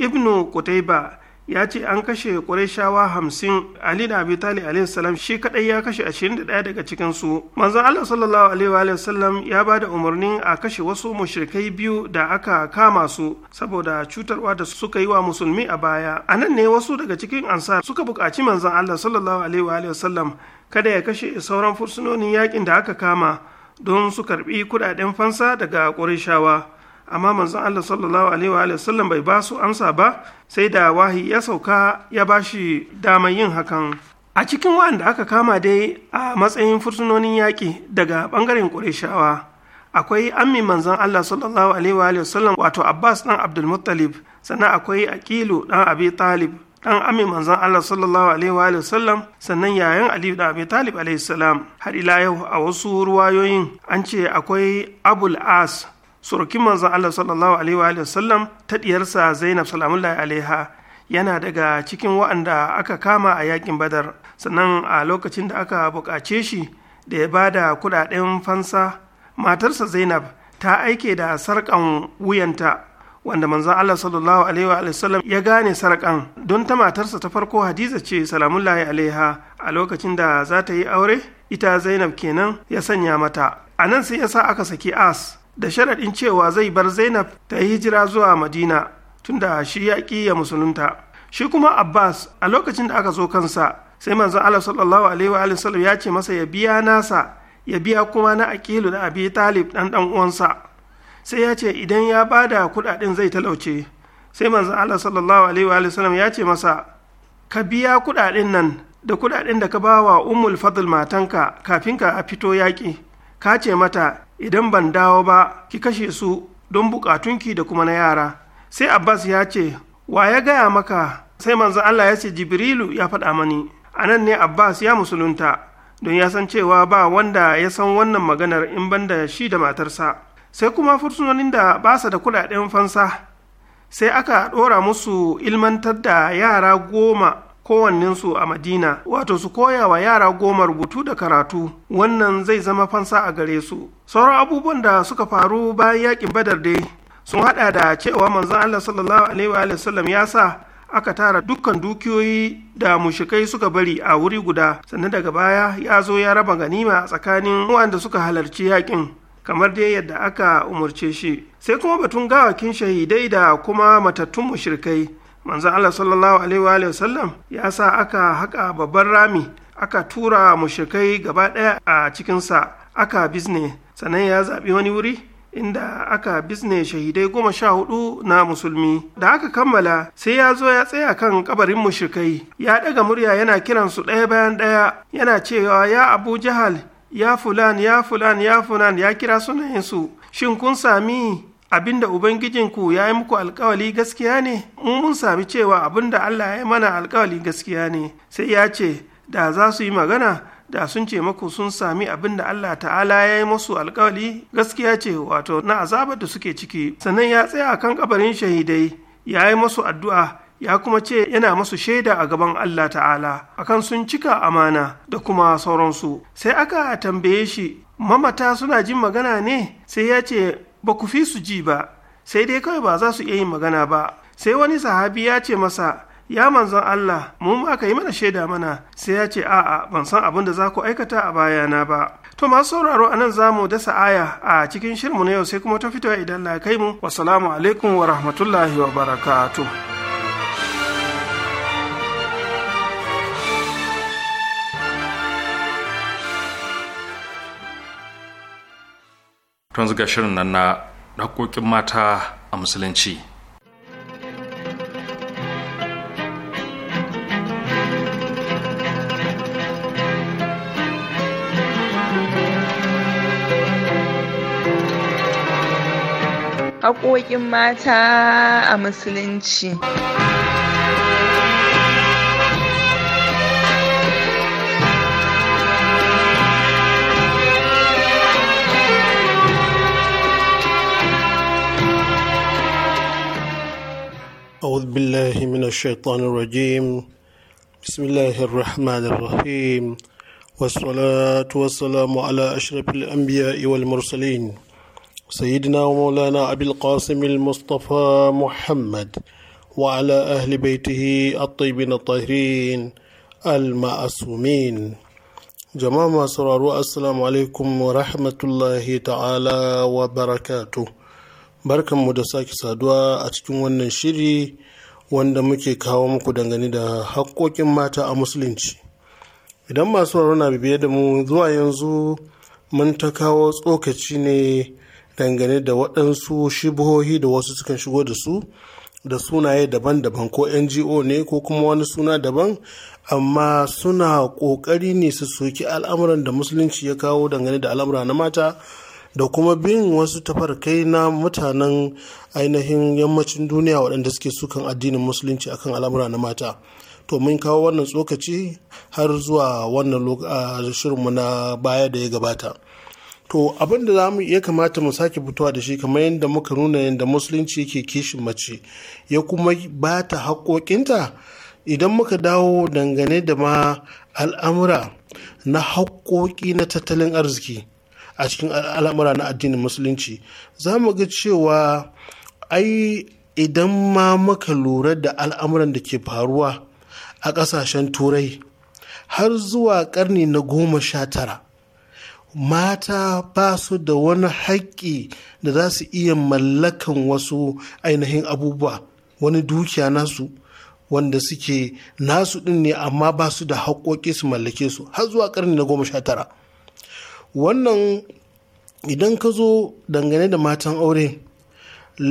S8: ibnu kutaiba ya ce an kashe ƙurashawa hamsin ali da abi talib salam shi kadai ya kashe ashirin da ɗaya daga cikin su manzon allah sallallahu alaihi wa sallam ya ba da umarnin a kashe wasu mushrikai biyu da aka kama su saboda cutarwa da suka yi wa musulmi a baya a nan ne wasu daga cikin ansar suka buƙaci manzon allah sallallahu alaihi wa sallam kada ya kashe sauran fursunonin yaƙin da aka kama don su karɓi kuɗaɗen fansa daga ƙurashawa amma manzon Allah sallallahu alaihi wa sallam bai ba su amsa ba sai da wahi ya sauka ya ba shi damar yin hakan a cikin wa'anda aka kama dai a matsayin fursunonin yaƙi daga ɓangaren ƙureshawa akwai ammi manzon Allah sallallahu alaihi wa sallam wato Abbas dan Abdul Muttalib sannan akwai Aqilu dan Abi Talib dan ammi manzon Allah sallallahu alaihi wa sallam sannan yayan Ali ɗan Abi Talib alaihi salam har ila yau a wasu ruwayoyin an ce akwai Abul As surukin manzon Allah sallallahu alaihi wa sallam ta ɗiyarsa Zainab salamullahi alaiha yana daga cikin wa'anda aka kama a yakin Badar sannan a lokacin da aka buƙace shi da ya bada kuɗaɗen fansa matarsa Zainab ta aike da sarkan wuyanta wanda manzon Allah sallallahu alaihi wa sallam ya gane sarƙan don ta matarsa ta farko Hadiza ce salamullahi alaiha a lokacin da za ta yi aure ita Zainab kenan ya sanya mata a nan sai ya sa aka saki As da sharaɗin cewa zai bar zainab ta yi hijira zuwa madina tunda shi ya ƙi ya musulunta shi kuma abbas a lokacin da aka zo kansa sai manzon allah sallallahu alaihi wa ya ce masa ya biya nasa ya biya kuma na aqilu da abi talib dan dan uwansa sai ya ce idan ya bada kudaden zai talauce sai manzon allah sallallahu alaihi wa ya ce masa ka biya kudaden nan da kudaden da ka bawa ummul fadl matanka kafin ka a fito yaƙi ka ce mata idan ban dawo ba ki kashe su don bukatunki da kuma na yara sai abbas ya ce wa ya gaya maka sai manzan allah ya ce jibrilu ya faɗa mani a nan ne abbas ya musulunta don ya san cewa ba wanda ya san wannan maganar in banda shi da matarsa sai kuma fursunonin da ba su da kuɗaɗen fansa sai aka ɗora musu ilmantar da yara goma kowanninsu a Madina, wato su koya wa yara goma rubutu da karatu, wannan zai zama fansa a gare su. Sauran abubuwan da suka faru bayan yakin Badar dai sun haɗa da cewa manzon Allah sallallahu alaihi wa ya sa aka tara dukkan dukiyoyi da mushikai suka bari a wuri guda sannan daga baya ya zo ya raba ganima a tsakanin wanda suka halarci yakin kamar dai yadda aka umarce shi sai kuma batun gawakin shahidai da kuma matattun mushrikai manzon Allah sallallahu alaihi wasallam ya sa aka haƙa babban rami aka tura mushrikai gaba ɗaya a cikinsa aka bizne sannan ya zaɓi wani wuri inda aka bizne shahidai goma sha hudu na musulmi da aka kammala sai ya zo ya tsaya kan kabarin mushrikai ya ɗaga murya yana kiran su ɗaya bayan ɗaya yana cewa ya abu jahal ya fulan ya fulan ya fulan ya kira sunayensu shin kun sami Abin abinda ubangijinku ya yi muku alkawali gaskiya ne mun sami cewa abin da allah ya yi mana alkawali gaskiya ne sai ya ce da za su yi magana da sun ce maku sun sami abin da Allah ta'ala ya yi musu alkawali gaskiya ce wato na azabar da suke ciki sannan ya tsaya kan kabarin shahidai ya yi musu addu'a ya kuma ce yana masu shaida a gaban Allah ta'ala akan sun cika amana da kuma sauransu sai aka tambaye shi mamata suna jin magana ne sai ya ce ba ku fi su ji ba sai dai kawai ba za su iya yin magana ba sai wani sahabi ya ce masa ya manzon Allah mu ma ka yi mana shaida mana sai ya ce a'a ban san abin da za ku aikata a bayana ba to masu sauraro anan za mu dasa aya a cikin shirmu na yau sai kuma ta fito idan na kai mu wasalamu alaikum wa rahmatullahi wa barakatuh
S1: tun zuga shirin nan na haƙoƙin mata a musulunci
S7: haƙoƙin mata a musulunci
S9: أعوذ بالله من الشيطان الرجيم بسم الله الرحمن الرحيم والصلاة والسلام على أشرف الأنبياء والمرسلين سيدنا ومولانا أبي القاسم المصطفى محمد وعلى أهل بيته الطيبين الطاهرين المعصومين جماعة سرار السلام عليكم ورحمة الله تعالى وبركاته barkanmu da sake saduwa a cikin wannan shiri wanda muke kawo muku dangane da haƙoƙin mata a musulunci idan masu na bibiye da mu zuwa yanzu mun ta kawo tsokaci ne dangane da waɗansu shibuhohi da wasu sukan shigo da su da sunaye daban-daban ko ngo ne ko kuma wani suna daban amma suna ƙoƙari ne su soki al'amuran da musulunci ya kawo dangane da al'amura na mata da kuma bin wasu tafarkai na mutanen ainihin yammacin duniya waɗanda suke sukan addinin musulunci akan al'amura na mata to mun kawo wannan tsokaci har zuwa wannan shirinmu na baya da ya gabata to abin da zamu iya kamata mu sake fitowa da shi kamar yadda muka nuna yadda musulunci yake kishin mace ya kuma ba ta haƙoƙinta idan muka dawo dangane da ma al'amura na haƙoƙi na tattalin arziki a cikin al'amura na addinin musulunci za mu ga cewa ai idan ma muka lura da al'amuran da ke faruwa a ƙasashen turai har zuwa ƙarni na goma sha tara mata ba su da wani haƙƙi da za su iya mallakan wasu ainihin abubuwa wani dukiya nasu wanda suke nasu ɗin ne amma ba su da haƙoƙi su mallake su har zuwa ƙarni na goma sha tara wannan idan ka zo dangane da matan aure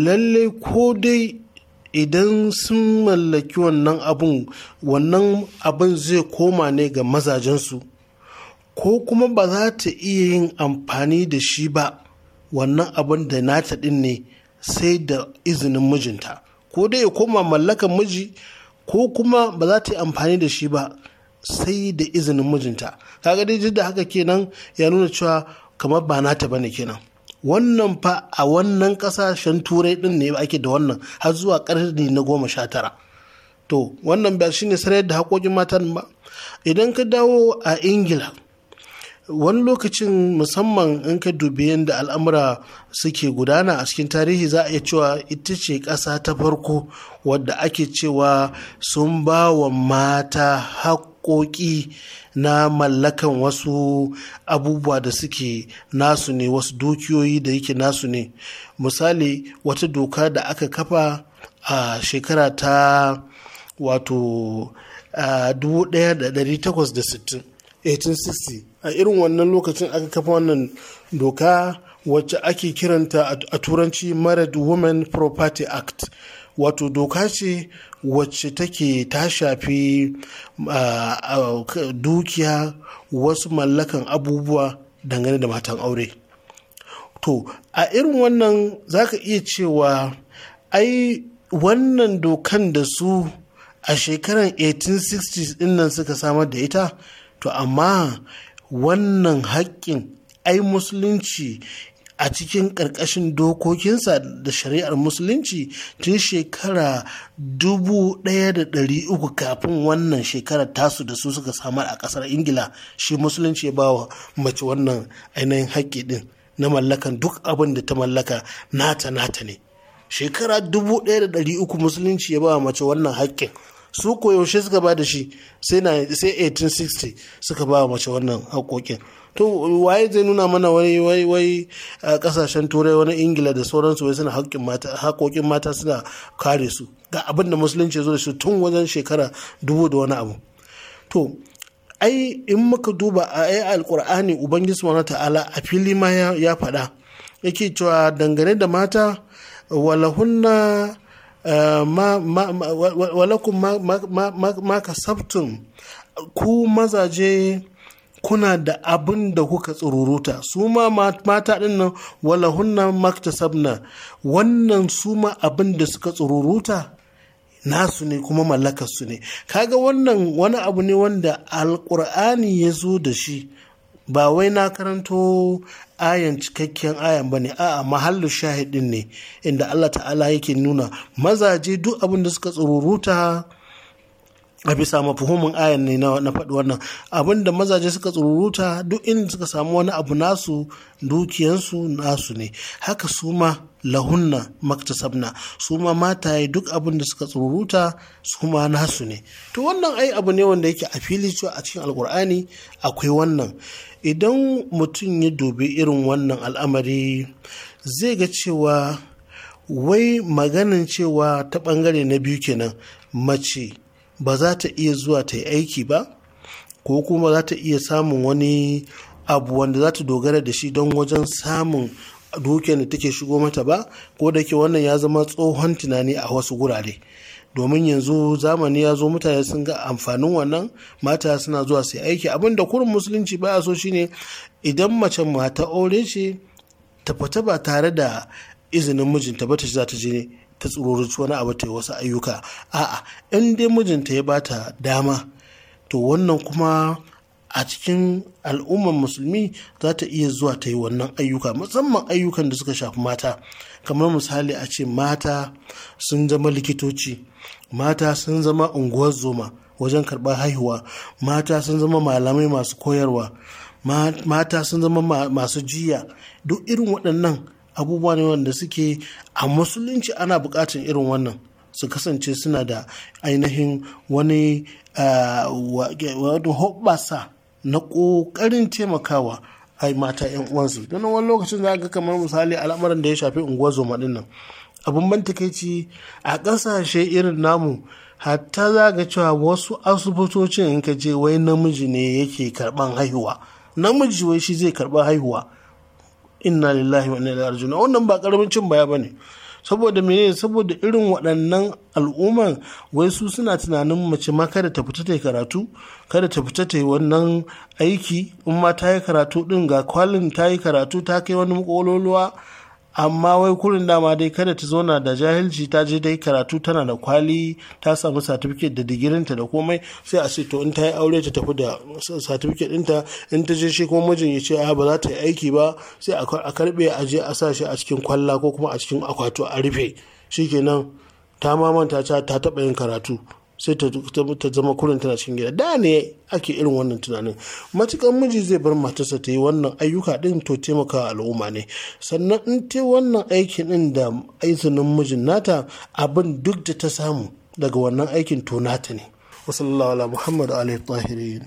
S9: lallai ko dai idan sun mallaki wannan abun wannan abin zai koma ne ga mazajensu ko kuma ba za ta iya yin amfani da shi ba wannan abin da nata ɗin ne sai da izinin mijinta ko dai ya koma mallakan miji ko kuma ba za ta yi amfani da shi ba sai da izinin mijinta kaga dai da haka kenan ya nuna cewa kamar ba nata bane kenan wannan fa a wannan kasashen turai din ne ake da wannan har zuwa karni na goma sha tara to wannan ba shine sarayar da haƙoƙin matan ba idan ka dawo a ingila wani lokacin musamman in ka dubi yadda al'amura suke gudana a cikin tarihi za a iya cewa ita ce ƙasa ta farko wadda ake cewa sun ba wa mata haƙƙo haƙoƙi na mallakan wasu abubuwa da suke nasu ne wasu dukiyoyi da yake nasu ne misali wata doka da aka kafa a shekara ta wato 1860 a irin wannan lokacin aka kafa wannan doka wacce ake kiranta a turanci married women property act wato doka ce wacce take ta shafi dukiya wasu mallakan abubuwa dangane da matan aure to a irin wannan za ka iya cewa ai wannan dokan da su a shekarar 1860s dinnan suka samar da ita to amma wannan haƙƙin ai musulunci a cikin ƙarƙashin dokokinsa da shari'ar musulunci tun shekara dubu ɗaya da ɗari uku kafin wannan shekarar tasu da su suka samar a ƙasar ingila shi musulunci ya ba wa mace wannan ainihin haƙƙi ɗin na mallakan duk abin da ta mallaka nata nata ne shekara dubu da ɗari uku musulunci ya ba wa mace wannan haƙƙin su koyaushe suka ba da shi sai 1860 suka ba mace wannan haƙoƙin to waye zai nuna mana wai wai wai kasashen turai wani ingila da sauransu wai suna haƙoƙin mata suna kare su ga abin da musulunci zo da shi tun wajen shekara dubu da wani abu to ai in muka duba a ai alkur'ani ubangiji subhanahu ta'ala a fili ma ya faɗa yake cewa dangane da mata walahunna walakun ma sabtun ku mazaje kuna da abin da kuka tsururuta su ma mata ɗin nan walahunna sabna wannan su ma abin da suka tsururuta nasu ne kuma mallakarsu ne kaga wannan wani abu ne wanda Alƙur'ani ya zo da shi ba wai na karanto ayan cikakken ayan ba ne a'a mahallin shahidin ne inda Allah ta'ala yake nuna mazaje duk abin da suka tsururuta a bisa mafuhumin ayan ne na faɗi wannan abin da mazaje suka tsururuta duk inda suka samu wani abu nasu dukiyansu nasu ne haka su ma lahunna maktasabna su ma mataye duk abin da suka tsururuta su ma nasu ne to wannan ai abu ne wanda yake a fili cewa a cikin alkur'ani akwai wannan idan mutum ya dubi irin wannan al'amari zai ga cewa wai maganin cewa ta bangare na biyu kenan mace ba za ta iya zuwa ta yi aiki ba ko kuma za ta iya samun wani abu wanda za ta dogara da shi don wajen samun dukiyar da take shigo mata ba ko da ke wannan ya zama tsohon tunani a wasu gurare domin yanzu zamani ya zo mutane sun ga amfanin wannan mata suna zuwa su aiki abin da kurin musulunci baya so shine idan mace mata aure ce ta fita ba tare da izinin mijinta ba ta za ta je ta tsururuci wani abu ta yi wasu ayyuka a'a in dai mijinta ya bata dama to wannan kuma a cikin al'ummar musulmi za ta iya zuwa ta yi wannan ayyuka musamman ayyukan da suka shafi mata kamar misali a ce mata sun zama likitoci mata sun zama unguwar zoma wajen karɓar haihuwa mata sun zama malamai masu koyarwa mata sun zama masu jiya duk irin waɗannan abubuwa ne wanda suke a musulunci ana buƙatar irin wannan su kasance suna da ainihin wani ah, hoɓasa na ƙoƙarin taimakawa ai mata 'yan uwansu don wani lokacin za ga kamar misali al'amarin da ya shafi unguwar zoma din nan abin ban a ƙasashe irin namu hatta za ga cewa wasu asibitocin in ka je wai namiji ne yake karban haihuwa namiji wai shi zai karɓa haihuwa inna lillahi wa inna ilaihi raji'un wannan ba karamin cin baya bane saboda mene saboda irin waɗannan al'umman wai su suna tunanin mace ma kada ta fita ta yi karatu kada ta fita ta yi wannan aiki in ma ta yi karatu ɗin ga kwalin ta yi karatu ta kai wani makololuwa amma wai kurin dama dai kada ta zauna da jahilci ta je dai karatu tana da kwali ta samu satifiket da digirinta da komai sai a ce to in ta yi aure ta tafi da satifiket dinta in ta je shi kuma mijin ya ce a ba za ta yi aiki ba sai a karbe a je a sa shi a cikin kwalla ko kuma a cikin akwato a rufe shikenan ta mamanta ta taɓa yin karatu sai ta zama kurin tana cikin gida da ne ake irin wannan tunanin matukan miji zai bar matarsa ta yi wannan ayyuka din to taimaka al'umma ne sannan in ta wannan aikin din da aizinin mijin nata abin duk da ta samu daga wannan aikin to nata ne wasu muhammad alaihi tahirin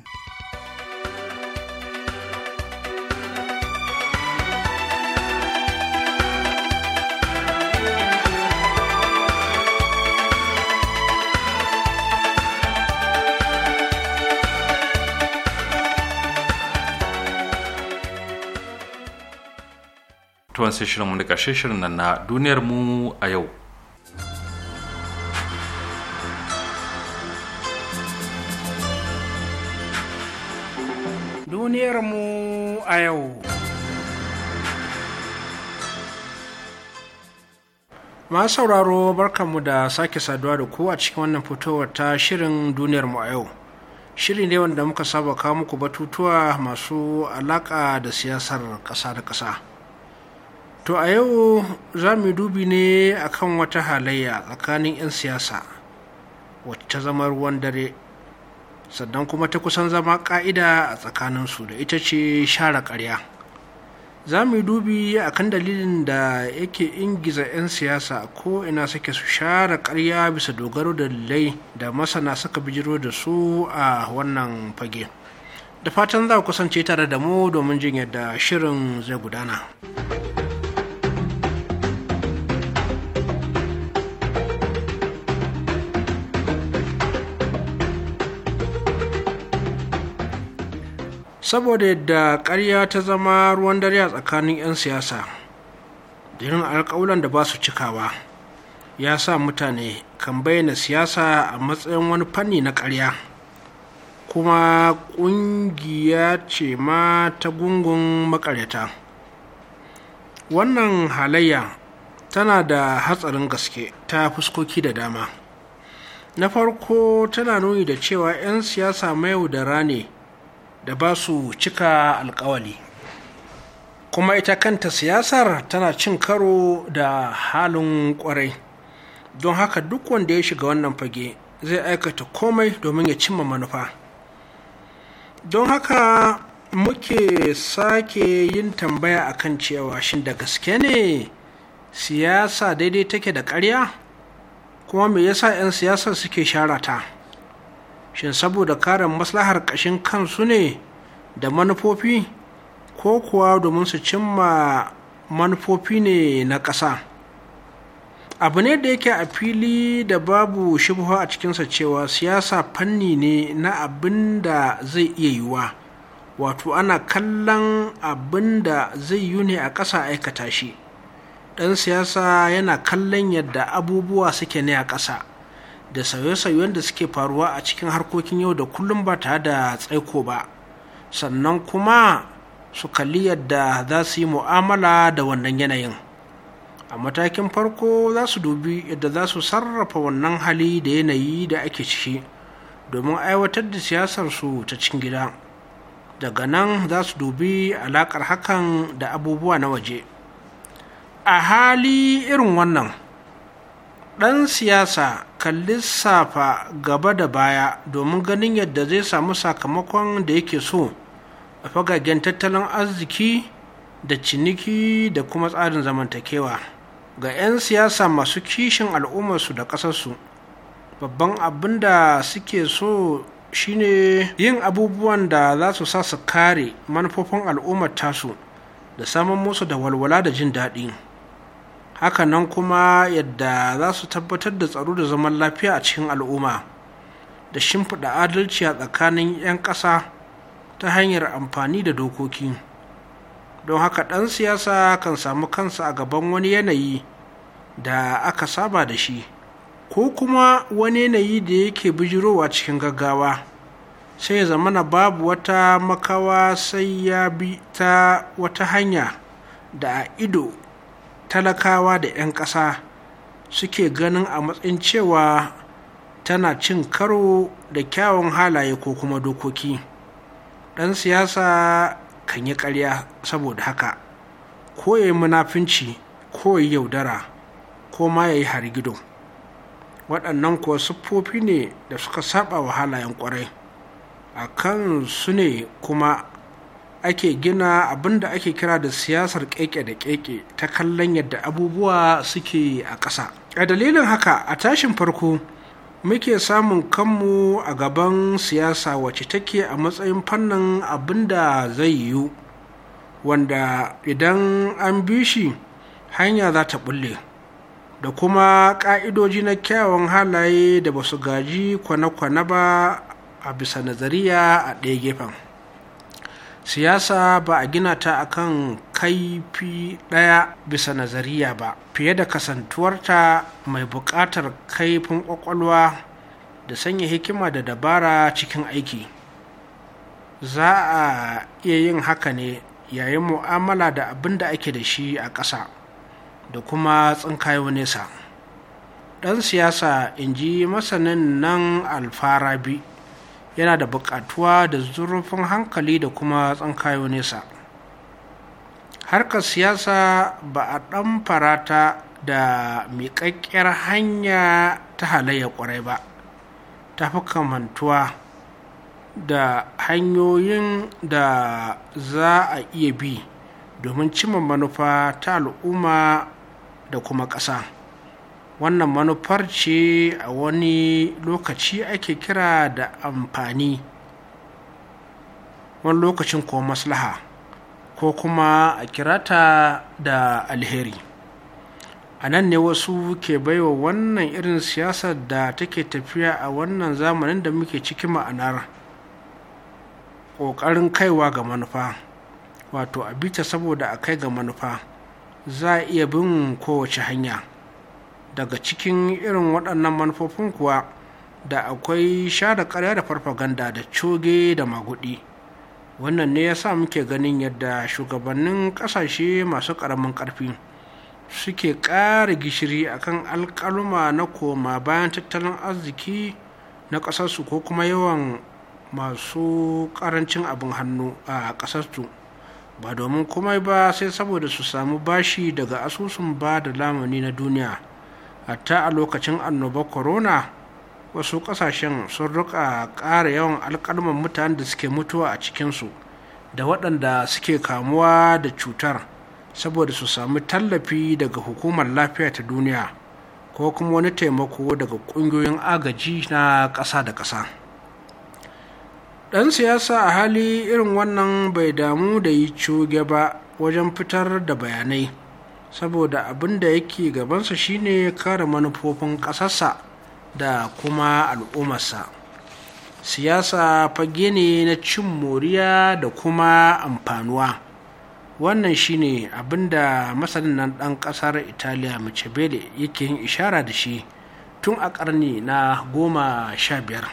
S1: wannan sai shirin wani ƙarshe shirin nan na duniyar mu a yau
S10: duniyar mu a yau masu sauraro barkanmu da sake saduwa da ku a cikin wannan fitowar ta shirin duniyar mu a yau shiri ne wanda muka saba kawo muku batutuwa masu alaƙa da siyasar ƙasa da ƙasa to a yau za mu dubi ne akan wata halayya tsakanin 'yan siyasa wacce ta zama ruwan dare sannan kuma ta kusan zama ka'ida a tsakaninsu da ita ce share karya za mu dubi akan dalilin da yake ingiza 'yan siyasa ko ina suke su share karya bisa dogaro da lai da masana suka bijiro da su a wannan fage da fatan za ku kusance tare da mu domin jin yadda shirin zai gudana. saboda yadda ƙarya ta zama ruwan dare a tsakanin 'yan siyasa da yin alƙawuran da ba su cikawa ya sa mutane kan bayyana siyasa a matsayin wani fanni na ƙarya kuma ƙungiya ce ma ta gungun maƙaryata wannan halayya tana da hatsarin gaske ta fuskoki da dama na farko tana nuni da cewa 'yan siyasa mayaudara da rane da ba su cika alkawali kuma ita kanta siyasar tana cin karo da halin kwarai don haka duk wanda ya shiga wannan fage zai aikata komai domin ya cimma manufa don haka muke sake yin tambaya a kan cewa shin da gaske ne siyasa daidai take da ƙarya kuma me yasa 'yan siyasar suke sharata shin saboda kare maslahar ƙashin kansu ne da manufofi ko kuwa domin su cimma manufofi ne na ƙasa abu ne da yake a fili da babu shubuwa a cikinsa cewa siyasa fanni ne na abin da zai iya yiwuwa wato ana kallon abin da zai yi ne a ƙasa aikata shi ɗan siyasa yana kallon yadda abubuwa suke ne a ƙasa da sauye-sauyen da suke faruwa a cikin harkokin yau da kullum ba tare da tsaiko ba sannan kuma su kalli yadda za su yi mu'amala da wannan yanayin a matakin farko za su dubi yadda za su sarrafa wannan hali da yanayi da ake ciki domin aiwatar da siyasar su ta cikin gida daga nan za su dubi alaƙar hakan da abubuwa na waje a hali irin wannan ɗan siyasa kan lissafa gaba da baya domin ganin yadda zai samu sakamakon da yake so a fagagen tattalin arziki da ciniki da kuma tsarin zamantakewa ga 'yan siyasa masu kishin al'ummarsu da ƙasarsu babban abin da suke so shine yin abubuwan da za su sa su kare manufofin al'ummar tasu da saman musu da walwala da jin daɗi. hakanan kuma yadda za su tabbatar da tsaro da zaman lafiya a cikin al'umma da shimfiɗa adalci a tsakanin 'yan ƙasa ta hanyar amfani da dokoki don haka ɗan siyasa kan samu kansa a gaban wani yanayi da aka saba da shi ko kuma wani yanayi da yake bijirowa cikin gaggawa sai ya zamana babu wata makawa sai ya bi ta wata hanya da a ido talakawa da 'yan ƙasa suke ganin a matsayin cewa tana cin karo da kyawun halaye ko kuma dokoki ɗan siyasa kan yi ƙarya saboda haka ko ya yi munafinci ko ya yi yaudara ko ma ya yi harigido waɗannan kuwa siffofi ne da suka saba wa halayen ƙwarai a kan su ne kuma ake gina abin da ake kira da siyasar keke da keke ta kallon yadda abubuwa suke a ƙasa a dalilin haka a tashin farko muke samun kanmu a gaban siyasa wacce take a matsayin fannin abin da zai yiwu wanda idan an bi shi hanya za ta bulle da kuma ƙa'idoji na kyawun halaye da ba su gaji kwane-kwane ba a bisa nazariya a ɗaya gefen siyasa ba a gina ta akan kaifi ɗaya bisa nazariya ba fiye da kasantuwarta mai buƙatar kaifin ƙwaƙwalwa da sanya hikima da dabara cikin aiki za a iya yin haka ne yayin mu'amala da abin da ake da shi a ƙasa da kuma tsinkayo nesa ɗan siyasa in ji masanin nan alfarabi yana da buƙatuwa da zurfin hankali da kuma tsankayo nesa harkar siyasa ba a ɗan farata da miƙaƙƙiyar hanya ta halayya ƙwarai ba ta fi kamantuwa da hanyoyin da za a iya bi domin cimma manufa ta al'umma da kuma ƙasa. wannan manufar ce a wani lokaci ake kira da amfani wani lokacin ko maslaha ko kuma a kirata da alheri a nan ne wasu ke baiwa wannan irin siyasar da take tafiya a wannan zamanin da muke ciki ma'anar ƙoƙarin kaiwa ga manufa wato a bita saboda a kai ga manufa za a iya bin kowace hanya daga cikin irin waɗannan manufofin kuwa da akwai da ƙarya da farfaganda da coge da maguɗi, wannan ne ya sa muke ganin yadda shugabannin ƙasashe masu ƙaramin ƙarfi suke ƙara gishiri akan alƙaluma na koma bayan tattalin arziki na ƙasarsu ko kuma yawan masu ƙarancin abin hannu a ƙasarsu ba domin komai ba sai saboda su samu bashi daga asusun ba da lamuni na duniya hatta a lokacin annoba corona wasu kasashen sun rika ƙara yawan alƙalman mutanen da suke mutuwa a cikinsu da waɗanda suke kamuwa da cutar saboda su sami tallafi daga hukumar lafiya ta duniya ko kuma wani taimako daga ƙungiyoyin agaji na ƙasa da ƙasa ɗan siyasa a hali irin wannan bai damu da yi cuge ba wajen fitar da bayanai saboda abin da yake gabansa shine kare manufofin ƙasarsa da kuma al'ummarsa siyasa fage ne na cin moriya da kuma amfanuwa wannan shine abin da masanin nan ɗan ƙasar italiya macebele yake yin ishara da shi tun a ƙarni na goma sha biyar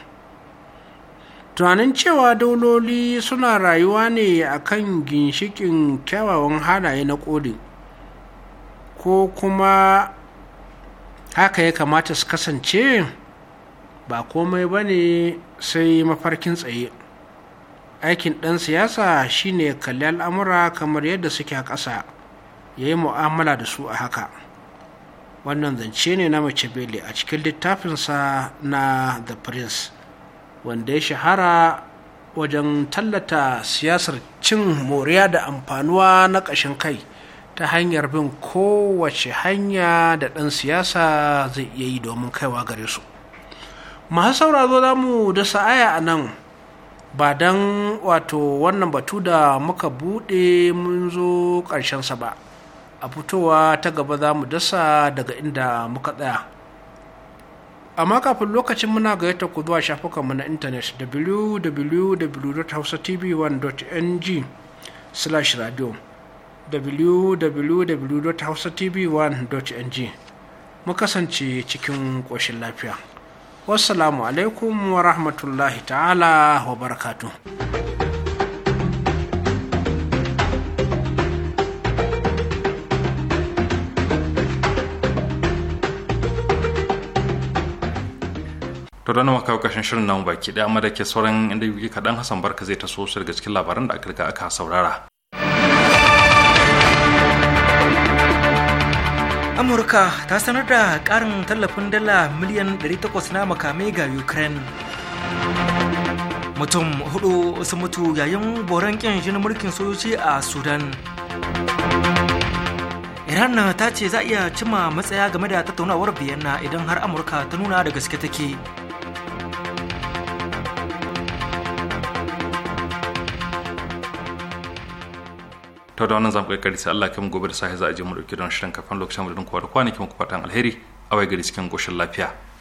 S10: tunanin cewa dauloli suna rayuwa ne akan kan ginshikin kyawawan halaye na kodin ko kuma haka ya kamata su kasance ba komai ba ne sai mafarkin tsaye aikin ɗan siyasa shine kalli al'amura kamar yadda suke a ƙasa ya yi mu'amala da su a haka wannan zance ne na mace bele a cikin littafinsa na the prince wanda ya shahara wajen tallata siyasar cin moriya da amfanuwa na ƙashin kai ta hanyar bin kowace hanya da ɗan siyasa zai iya yi domin kaiwa gare su masu sauraro za mu da sa'aya a nan ba don wato wannan batu da muka buɗe mun zo sa ba a fitowa ta gaba za mu dasa daga inda muka tsaya amma kafin lokacin muna gayyata ku zuwa shafukanmu na intanet www.hausatv1.ng radio www.hausatv1.ng mu kasance cikin ƙoshin lafiya wassalamu alaikum wa rahmatullahi ta'ala wa barakatu.
S1: to da nawa kawo kashin shirin namu baki ɗaya, amma da ke sauran inda yi kaɗan hassan barka zai taso su daga cikin labaran da aka riga aka saurara
S2: amurka ta sanar da karin tallafin dala miliyan 800 na makamai ga ukraine mutum hudu sun mutu yayin boron kin jini mulkin sojoji a sudan iran ta ce za iya cima matsaya game da tattaunawar biyanna idan har amurka ta nuna da gaske take
S1: ta da wannan zamu kai sai Allah mu gobe da sahi za a je mu dauki don shirin kafin lokacin mu da da kwanaki mu fatan alheri a wai gari cikin koshin lafiya